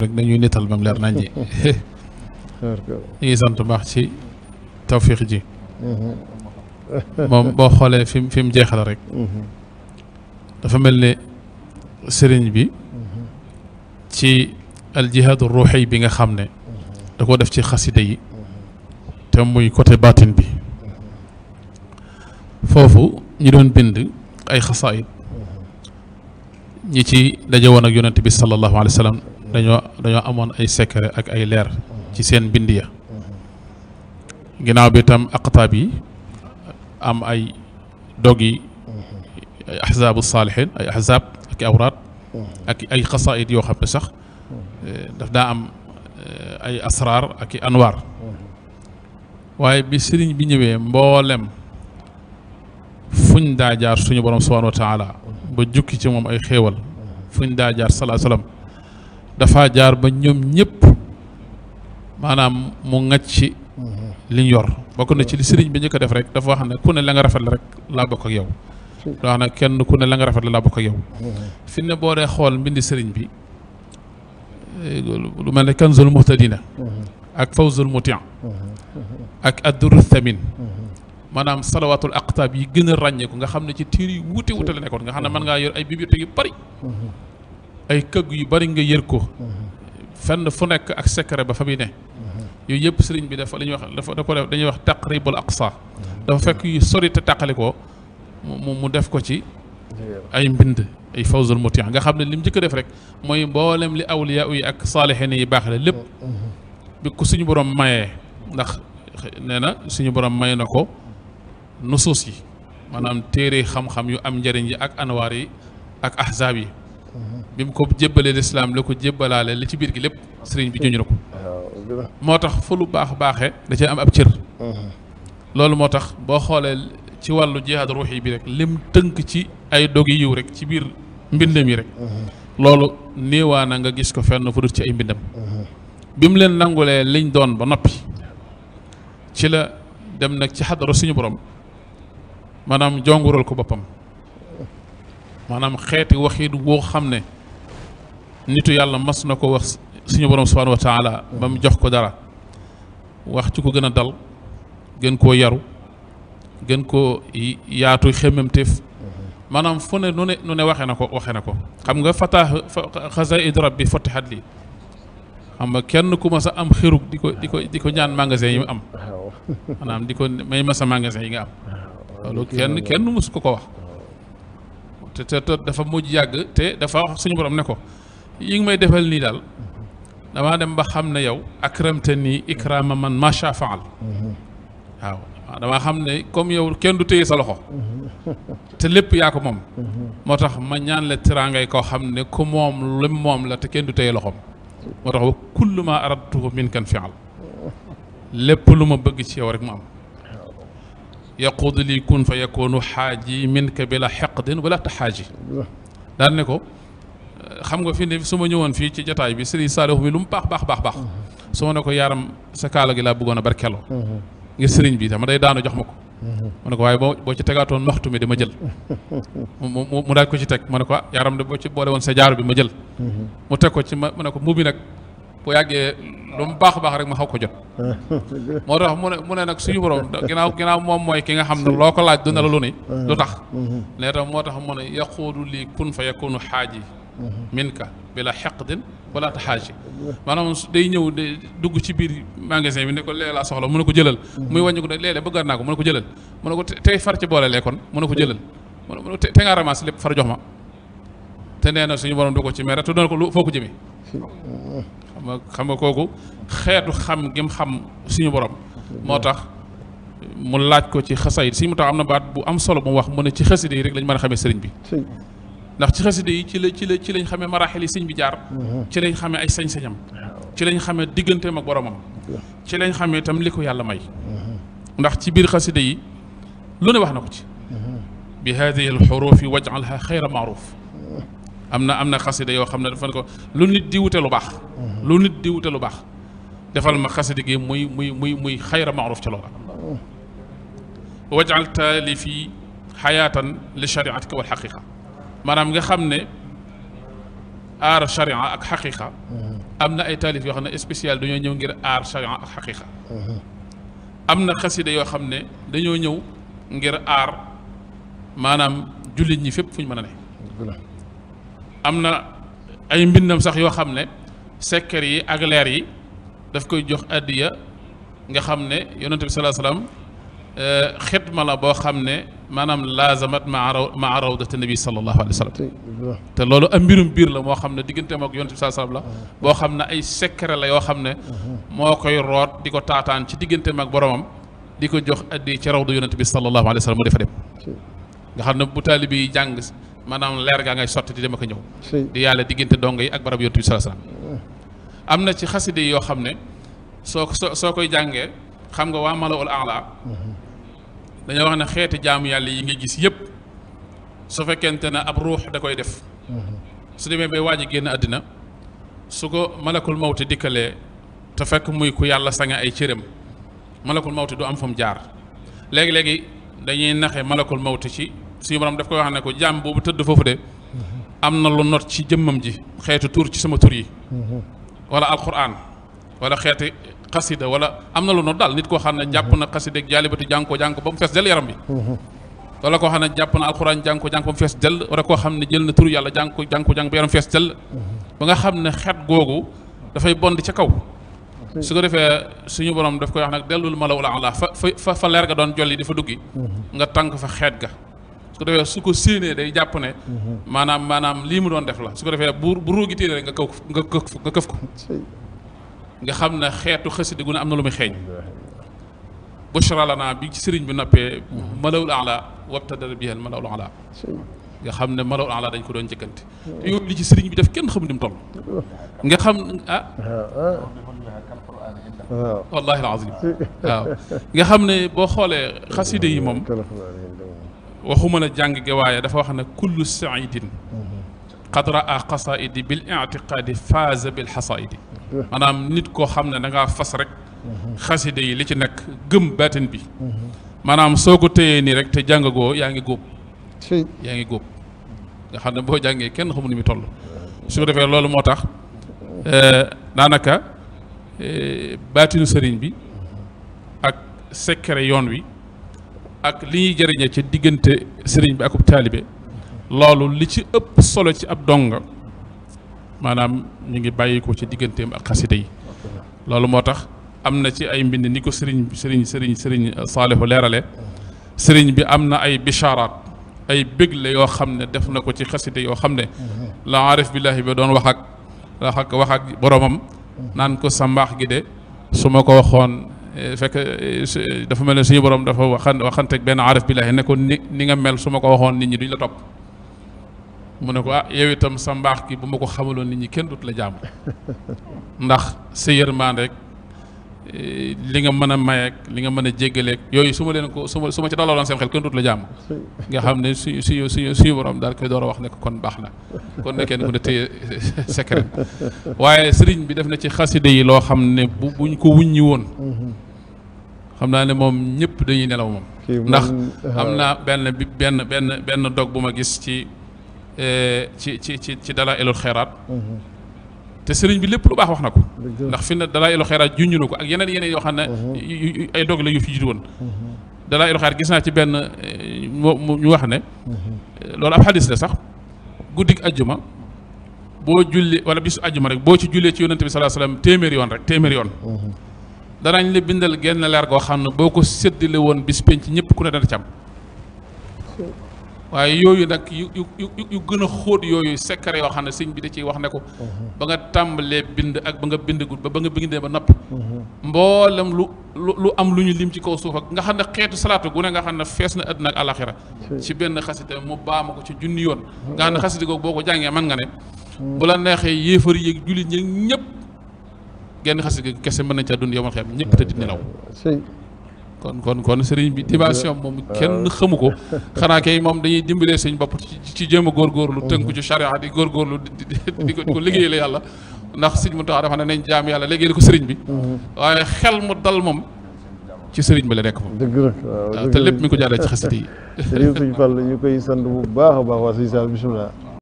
rek dañuy nital ba mu leer nañ ji ñu sant baax ci tawfiix ji mhm. moom boo xoolee fim mu fi mu jeexal rek mhm. dafa mel ne sëriñ bi mhm. ci aljihaadu ruuxi bi nga xam ne da ko def ci xasida yi te muy côté baatin bi foofu ñi doon bind ay xasaayid ñi ci daje woon ak yonent bi sallallahu alayhi wa dañoo amoon ay secret ak ay leer ci seen mbind ya ginnaaw bi itam aqtaab yi am ay dog yi ay ahzaabu saalihin ay ahzaab ak awraat ak ay xasaayid yoo xam ne sax eh, daf daa am eh, ay asraar ak anwaar waaye bi sëriñ bi ñëwee mboolem fuñ daa jaar suñu borom subhaanahu wa taala ba jukki ci moom ay xewal fuñ daa jaar salaa salaam dafa jaar ba ñoom ñëpp maanaam mu ŋacc li ñu yor bokk na ci li mm-hmm. sëriñ bi ñu def rek dafa wax ne ku la nga rafet la rek laa bokk ak yow daa ku ne la nga rafet la laa bokk ak yow mm-hmm. fi boo dee xool mbindi sëriñ bi eh, lu mel ne kanzul muhtadina mm-hmm. ak fawzul mutin ak adduru thamin maanaam salawaatul aqtaab yi gën a ràññeeku nga xam ne ci tiir yi wuute wuute la nekkoon nga xam ne mën ngaa yor ay bibliothèque yu bari ay këgg yu bari nga yër ko mm-hmm. fenn fu nekk ak secret ba fa muy ne mm-hmm. yooyu yëpp sëriñ bi dafa la ñuy wax dafa da ko def dañuy mm-hmm. dafa fekk yu sori te taqali ko mu mu def ko ci ay mbind ay fawzul mutiix nga xam ne li mu njëkk a def rek mooy mboolem li awliya yi ak saalixiin yi baax la lépp bi ku suñu borom mayee ndax nee na suñu borom may na ko nusuus yi maanaam téere xam-xam yu am njëriñ yi ak anwaar yi ak ahzaab yi bi mu ko jébbalee lislaam la ko jébbalaale li ci biir gi lépp sëriñ bi juñu na moo tax fu lu baax baaxee da cee am ab cër loolu moo tax boo xoolee ci wàllu jihaad ruuxi bi rek lim tënk ci ay dog yi yiw rek ci biir mbindam yi rek loolu néewaana nga gis ko fenn fu dut ci ay mbindam bi mu leen nangulee liñ doon ba noppi ci la dem nag ci xadaru suñu borom maanaam jongural ko boppam maanaam xeeti waxiit woo xam ne nitu yàlla mas na ko wax suñu borom subhanahu wa taala ba mu jox ko dara wax ci ko gën a dal gën koo yaru gën koo yaatu xemmemteef maanaam fu ne nu ne nu ne waxee na ko waxee na ko xam nga fatah xasaid rabbi fatihat lii xam nga kenn ku ma sa am xirug di ko di ko di ko ñaan magasin yi mu am maanaam di ko may ma sa magasin yi nga am loolu kenn kenn mësu ko ko wax te te dafa mujj yàgg te dafa suñu borom ne ko yi nga may defal nii daal damaa dem ba xam ne yow akramte nii ikraama man macha faal waaw damaa xam ne comme yow kenn du téye sa loxo te lépp yaa ko moom moo tax ma ñaan la tiraangay koo xam ne ku moom lu moom la te kenn du téye loxoom moo tax wa kullu ma aradtuhu min kan fial lépp lu ma bëgg ci yow rek mu am yaquudu lii kun fa yakunu xaaji minka bila xeqdin wala taxaaji daan ne ko xam nga fi ne su ma ñëwoon fii ci jataay bi Sëriñ Saalihu bi lu mu baax baax baax baax su ma ne ko yaaram sa kaala gi laa bëggoon a barkeloo ngir sëriñ bi dama day daanu jox ma ko ma ne ko waaye boo boo ci tegaatoon maxtu mi di ma jël mu mu daaj ko ci teg ma ne ko ah, yaaram de boo ci boole woon sa jaaru bi ma jël mu teg ko ci ma mu ne ko mbubi nag bu yàggee lu mu baax a baax rek ma xaw ko jot moo tax mu ne mu ne nag suñu borom ginnaaw ginaaw moom mooy ki nga xam ne loo ko laaj du ne la lu ni du tax nee tam moo tax mu ne yaquulu lii kun fa yakunu xaaji minka bila xeqdin wala taxaaji maanaam day ñëw de dugg ci biir magasin bi ne ko léeg laa soxla mu ne ko jëlal muy wàññi ko ne léeg-léeg bëggaat ko mu ne ko jëlal mu ne ko tey far ci boole lee mu ne ko jëlal mu ne te nga ramas lépp far jox ma te nee na suñu borom du ko ci mere te doon ko lu foo ko jëmee xam nga kooku xeetu xam gi mu xam suñu borom moo tax mu laaj ko ci xasayid si mu tax am na baat bu am solo mu wax mu ne ci xasida yi rek lañ mën a xame sëriñ bi ndax ci xasida yi ci la ci ci lañ xamee maraaxil yi sëñ bi jaar mm-hmm. ci lañ xamee ay sañ-sañam ci lañ xamee digganteem ak boromam ci lañ xame itam li ko yàlla may mm-hmm. ndax ci biir xasida yi lu ne wax na ko ci mm-hmm. bi haadihi alxurufi waj'alha xayra maaruf am na am na xasida yoo xam ne dafa ne ko lu nit di wute lu baax mhm. lu nit di wute lu baax defal ma xasida gi muy muy muy muy xayra maaruf ci loola wajal taalifi xayaatan li shariatika wal xaqiqa maanaam nga xam ne aar sharia ak xaqiqa mhm. am na ay taalif yoo xam ne spécial dañoo ñëw ngir aar sharia ak xaqiqa mhm. na xasida yoo xam ne dañoo ñëw ngir aar maanaam jullit ñi fépp fu ñu mën a ne am na ay mbindam sax yoo xam ne sekkar yi ak leer yi daf koy jox addiya nga xam ne yonent bi salaa salaam eh, xitma la boo xam ne maanaam laazamat maa rawdati nabi sallallahu alayhi wa sallam te loolu am mbirum biir la moo xam ne diggante mook yonent bi salaa salaam la boo xam ne ay sekkare la yoo xam ne moo koy root di ko taataan ci diggante mag boromam di ko jox addiya ci rawdu yonent bi sallallahu alayhi wa sallam mu defa dem nga xam ne bu taalibi jàng maanaam leer gaa ngay sotti di dem ak ñëw di yàlla diggante dongo yi ak barab yontu bi am na ci xaside yoo xam ne soo soo soo koy jàngee xam nga waa malaul ala mm-hmm. dañoo wax ne xeeti jaamu yàlla yi ngay gis yëpp su fekkente ne ab ruux da koy def mm-hmm. su demee bay waaj génn àddina su ko malakul mawti dikkalee te fekk muy ku yàlla sange ay cëram malakul mawti du am fa mu jaar léegi-léegi dañuy naxe malakul mawti ci suñu borom daf koy wax ne ko jaam boobu tëdd foofu de am na lu not ci jëmmam ji xeetu tuur ci sama tur yi wala alquran wala xeeti xasida wala am na lu not daal nit koo xam ne jàpp na xasida jaalibati jàng ko jàng ko ba mu fees del yaram bi wala koo xam ne jàpp na alxuraan jàng ko jàng fees dell wala koo xam ne jël na tur yàlla jàng ko jàng ko jàng ba yaram fees dell ba nga xam ne xeet googu dafay bond ca kaw su ko defee suñu borom daf koy wax nag dellul malawul ala fa fa fa leer ga doon jolli dafa fa duggi nga tànk fa xeet ga su ko defee day jàpp ne mhm. maanaam maanaam lii mu doon def la su ko defee bu bu róogi téere rek nga kaw nga këf nga këf ko nga xam ne xeetu xasida gu ne am na lu muy xeeñ bushra bi ci sëriñ bi noppee malawul ala wabtadal biha malawul ala nga xam ne malawul ala dañ ko doon jëkkante te yow li ci sëriñ bi def kenn xamu ni mu toll nga xam ah wallahi alazim waaw nga xam ne boo xoolee xasida yi moom waxuma la jàng gi waaye dafa wax ne kullu saidin mhm. qad raa qasaidi bil itiqaadi faaza bil xasaidi maanaam nit koo xam ne danga ngaa fas rek mhm. xaside yi li ci nekk gëm baatin bi mhm. maanaam soo ko téyee nii rek te jàngagoo yaa ngi góob yaa ngi góob nga xam ne boo jàngee kenn xamu ni muy toll su defee loolu moo tax eh, daanaka eh, baatinu sëriñ bi ak secret yoon wi ak li ñuy ci diggante sëriñ bi akub taalibe loolu li ci ëpp solo ci ab donga maanaam ñu ngi bàyyi ko ci digganteem ak xasida yi loolu moo tax am na ci ay mbind ni ko sëriñ sëriñ sëriñ sëriñ Saalihu leerale sëriñ bi am na ay bicharaat ay bégle yoo xam ne def na ko ci xasida yoo xam ne la arif billahi bi doon wax ak wax ak wax boroomam naan ko sa mbaax gi de su ma ko waxoon Eh, fekk eh, dafa mel na suñu borom dafa waxan waxanteeg benn aarif billaahi ne ko ni ni nga mel suma ko waxoon nit ñi duñ la topp mu ne ko ah yow itam sa mbaax gi bu ma ko xamaloon nit ñi kenn dut la jaamu ndax sa yërmaan rek. li nga mën a mayeek li nga mën a jéggaleek yooyu su ma leen ko su ma su ma ci dalaloon seen xel kenn dut la jàmm nga xam ne suñu suñu suñu suñu borom daal koy door a wax ne ko kon baax na kon ne kenn mën a téye secret waaye sëriñ bi def na ci xaside yi loo xam ne bu buñ ko wuññi woon xam naa ne moom ñëpp dañuy nelaw moom ndax am na benn bi benn benn benn dog bu ma gis ci eh, ci ci ci ci dala elul xeeraat te sëriñ bi lépp lu baax wax na ko ndax fi na dalaa ilu xeeraat junj na ko ak yeneen yeneen yoo xam ne uh-huh. ay dog la yu fi jiitu woon uh-huh. dalay ilu xeeraat gis naa ci benn eh, ñu wax ne uh-huh. loolu ab xadis la sax guddik ajjuma boo julli wala bisu ajjuma rek boo ci jullee ci yonante bi sallallahu alayhi wasallam téeméer yoon rek téeméer yoon danañ la bindal genn leer goo xam ne boo ko séddale woon bis penc ñëpp ku ne dana cam waaye yooyu nag yu yu yu gën a xóot yooyu secret yoo xam ne sëñ bi da ciy wax ne ko mhm. ba nga tàmbalee bind ak ba nga bindagul ba ba nga bindee ba noppi mhm. mboolem lu lu lu am lu ñu lim ci kaw suuf ak nga xam ne xeetu salaatu gu ne nga xam ne fees na àddina ak alaxira ci benn xasite mu baama ko ci junni yoon mhm. nga xam ne xasite googu boo ko jàngee man nga ne bu la neexee yéefar yéeg jullit ñi ñëpp genn xasite kese mën nañ caa dund yomal xeem ñëpp tëdd nelaw kon kon kon sëriñ bi dimension moom kenn xamu ko xanaa kay moom dañuy dimbalee suñ bopp ci jéem a góorgóorlu tënku ci charia di góorgóorlu di ko liggéey la yàlla ndax sëriñ mu tax dafa ne nañ jaam yàlla léegi ko sëriñ bi mm-hmm. waaye xel mu dal moom ci sëriñ bi la nekk moom dëgg la te lépp mi ko jaaree ci xasida yi sëriñ Sëñ Fall ñu koy bu baax a baax waa sëñ Sall bisimilah